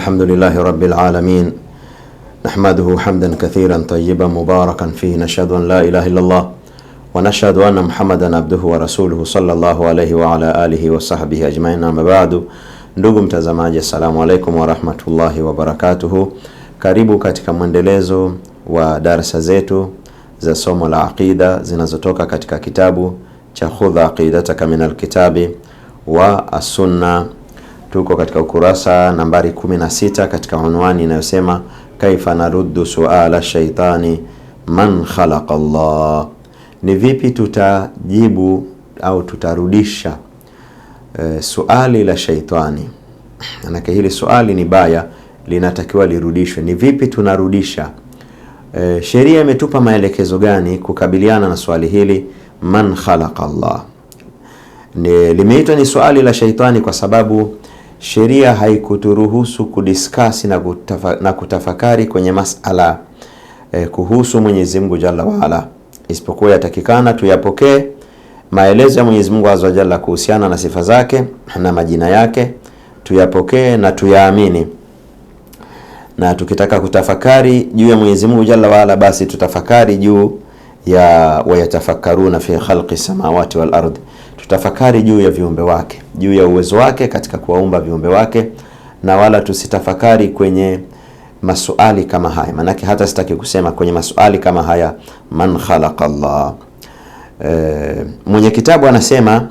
الحمد لله رب العالمين نحمده حمدا كثيرا طيبا مباركا فيه نشهد ان لا اله الا الله ونشهد ان محمدا عبده ورسوله صلى الله عليه وعلى اله وصحبه اجمعين اما بعد Ndugu mtazamaji, assalamu alaikum warahmatullahi wabarakatuhu. Karibu katika mwendelezo wa darsa zetu za somo la aqida zinazotoka katika kitabu cha khudha aqidataka min alkitabi wa assunna Tuko katika ukurasa nambari 16 katika unwani inayosema kaifa naruddu suala shaitani man khalaqa Allah, ni vipi tutajibu au tutarudisha e, suali la shaitani. Manake hili suali ni baya, linatakiwa lirudishwe. Ni vipi tunarudisha? E, sheria imetupa maelekezo gani kukabiliana na swali hili? Man khalaqa Allah limeitwa ni suali la shaitani kwa sababu sheria haikuturuhusu kudiskasi na, kutafa, na kutafakari kwenye masala eh, kuhusu Mwenyezi Mungu Jalla waala, isipokuwa yatakikana tuyapokee maelezo ya Mwenyezi Mungu azza jalla kuhusiana na sifa zake na majina yake, tuyapokee na tuyaamini. Na tukitaka kutafakari juu ya Mwenyezi Mungu Jalla waala, basi tutafakari juu ya wayatafakkaruna fi khalqi samawati wal ardi tutafakari juu ya viumbe wake, juu ya uwezo wake katika kuwaumba viumbe wake, na wala tusitafakari kwenye masuali kama haya, maanake hata sitaki kusema kwenye masuali kama haya man khalaqa Allah. E, mwenye kitabu anasema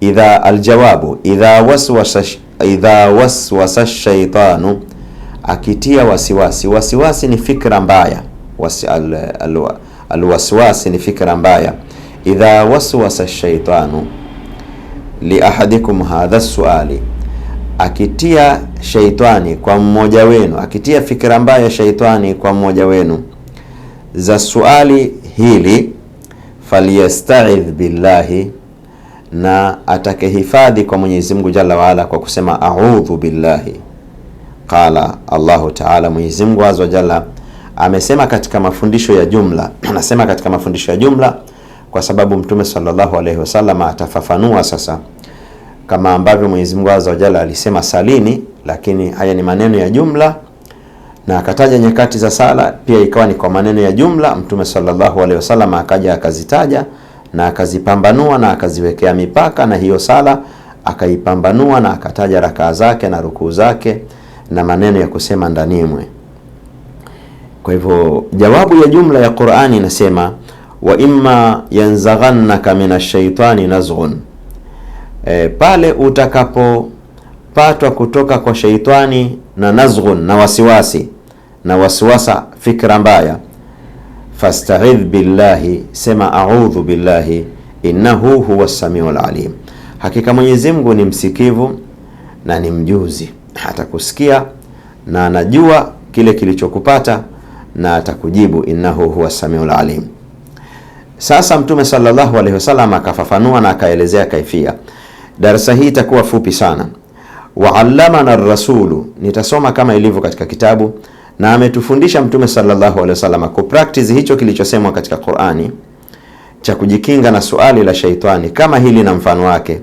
idha aljawabu idha waswasa idha waswasa shaitanu, akitia wasiwasi. Wasiwasi ni fikra mbaya, wasi al, al, alwaswasi ni fikra mbaya. Idha waswasa shaitanu ahadikum hadha suali, akitia shaitani kwa mmoja wenu, akitia fikira mbaya shaitani kwa mmoja wenu za suali hili, falyastaidh billahi, na atake hifadhi kwa Mwenyezi Mungu jalla waala kwa kusema audhu billahi. Qala Allahu taala, Mwenyezi Mungu azza jalla amesema katika mafundisho ya jumla, anasema katika mafundisho ya jumla kwa sababu Mtume sallallahu alaihi wasallam atafafanua sasa, kama ambavyo Mwenyezi Mungu Azza wa Jalla alisema salini, lakini haya ni maneno ya jumla, na akataja nyakati za sala pia ikawa ni kwa maneno ya jumla. Mtume sallallahu alaihi wasallam akaja akazitaja na akazipambanua na akaziwekea mipaka, na hiyo sala akaipambanua na akataja rakaa zake na rukuu zake na maneno ya kusema ndanimwe. Kwa hivyo jawabu ya jumla ya Qur'ani inasema wa imma yanzaghannaka minashaitani nazghun, e, pale utakapopatwa kutoka kwa shaitani na nazghun na wasiwasi na wasiwasa fikra mbaya, fasta'idh billahi, sema a'udhu billahi innahu huwa samiu alim, hakika Mwenyezi Mungu ni msikivu na ni mjuzi, atakusikia na anajua kile kilichokupata na atakujibu, innahu huwa samiul alim. Sasa Mtume sallallahu alaihi wasallam akafafanua na akaelezea kaifia. Darasa hii itakuwa fupi sana. Waallamana rasulu, nitasoma kama ilivyo katika kitabu, na ametufundisha Mtume sallallahu alaihi wasallam ku practice hicho kilichosemwa katika Qur'ani cha kujikinga na suali la shaitani kama hili na mfano wake.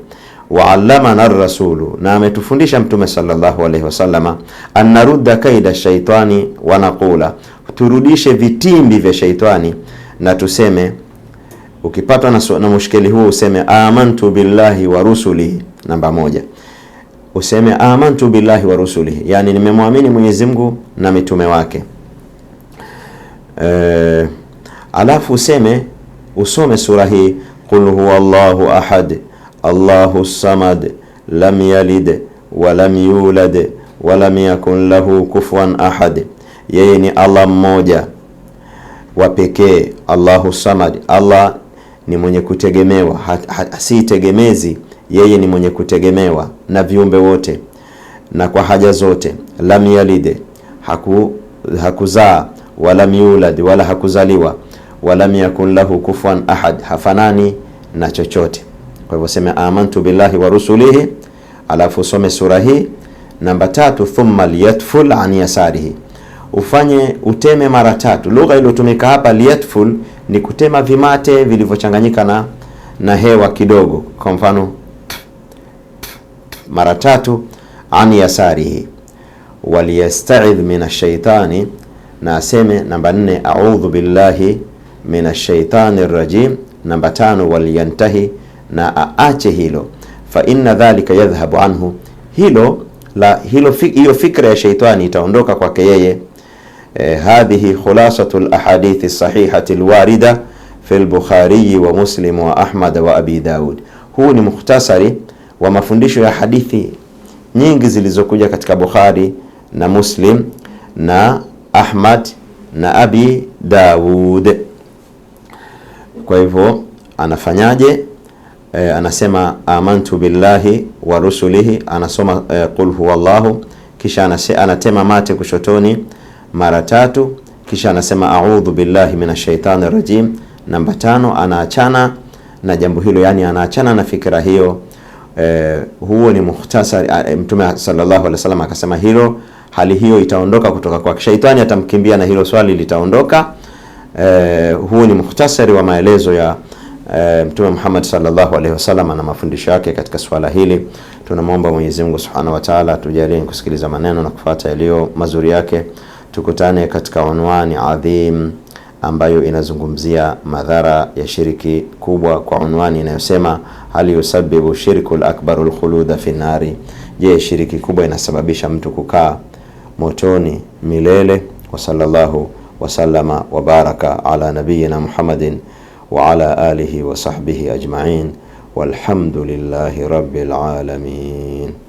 Waallamana rasulu, na ametufundisha Mtume sallallahu alaihi wasallam anarudda kaida shaitani wa naqula, turudishe vitimbi vya shaitani na tuseme Ukipatwa na, na mushkeli huu useme amantu billahi wa rusulihi, namba moja. Useme amantu billahi wa rusulihi, yani nimemwamini Mwenyezi Mungu na mitume wake. E, alafu useme usome sura hii qul huwa Allahu ahad Allahu samad lam yalid walam yulad walam yakun lahu kufuwan ahad, yeye ni Allah mmoja wa pekee. Allahu samad, Allah ni mwenye kutegemewa si tegemezi. Yeye ni mwenye kutegemewa na viumbe wote na kwa haja zote. Lam yalide, haku hakuzaa, walam yulad, wala hakuzaliwa, walam yakun lahu kufwan ahad, hafanani na chochote. Kwa hivyo sema amantu billahi wa rusulihi, alafu some sura hii namba tatu. Thumma liyatful an yasarihi, ufanye uteme mara tatu. Lugha iliyotumika hapa liyatful ni kutema vimate vilivyochanganyika na, na hewa kidogo, kwa mfano mara tatu an yasarihi walyastaidh min ashaitani, na aseme namba nne, audhu billahi min ashaitani rajim. Namba tano, walyantahi, na aache hilo, fa inna dhalika yadhhabu anhu, hilo la hilo hiyo fikra ya shaitani itaondoka kwake yeye. Eh, hadhihi khulasatu lahadithi sahihati lwarida fi lbukhariyi wa muslim wa ahmad wa abi daud. Huu ni mukhtasari wa mafundisho ya hadithi nyingi zilizokuja katika Bukhari na Muslim na Ahmad na Abi Daud. Kwa hivyo anafanyaje? E, anasema amantu billahi wa rusulihi, anasoma e, qul huwallahu, kisha anase, anatema mate kushotoni mara tatu, kisha anasema a'udhu billahi minashaitani rajim. Namba tano, anaachana na jambo hilo, yani anaachana na fikra hiyo. Eh, huo ni muhtasari. Ah, eh, Mtume sallallahu alaihi wasallam akasema hilo, hali hiyo itaondoka kutoka kwa shaitani atamkimbia na hilo swali litaondoka. Eh, huo ni muhtasari wa maelezo ya eh, Mtume Muhammad sallallahu alaihi wasallam na mafundisho yake katika swala hili. Tunamwomba Mwenyezi Mungu subhanahu wa ta'ala, tujalie kusikiliza maneno na kufuata yaliyo mazuri yake tukutane katika unwani adhim ambayo inazungumzia madhara ya shiriki kubwa kwa unwani inayosema hal yusabibu shirku lakbaru lkhuluda fi nari je, shiriki kubwa inasababisha mtu kukaa motoni milele? wa sallallahu wasallama wabaraka ala nabiyina Muhammadin wa ala alihi wa sahbihi ajmain walhamdulillahi rabbil alamin.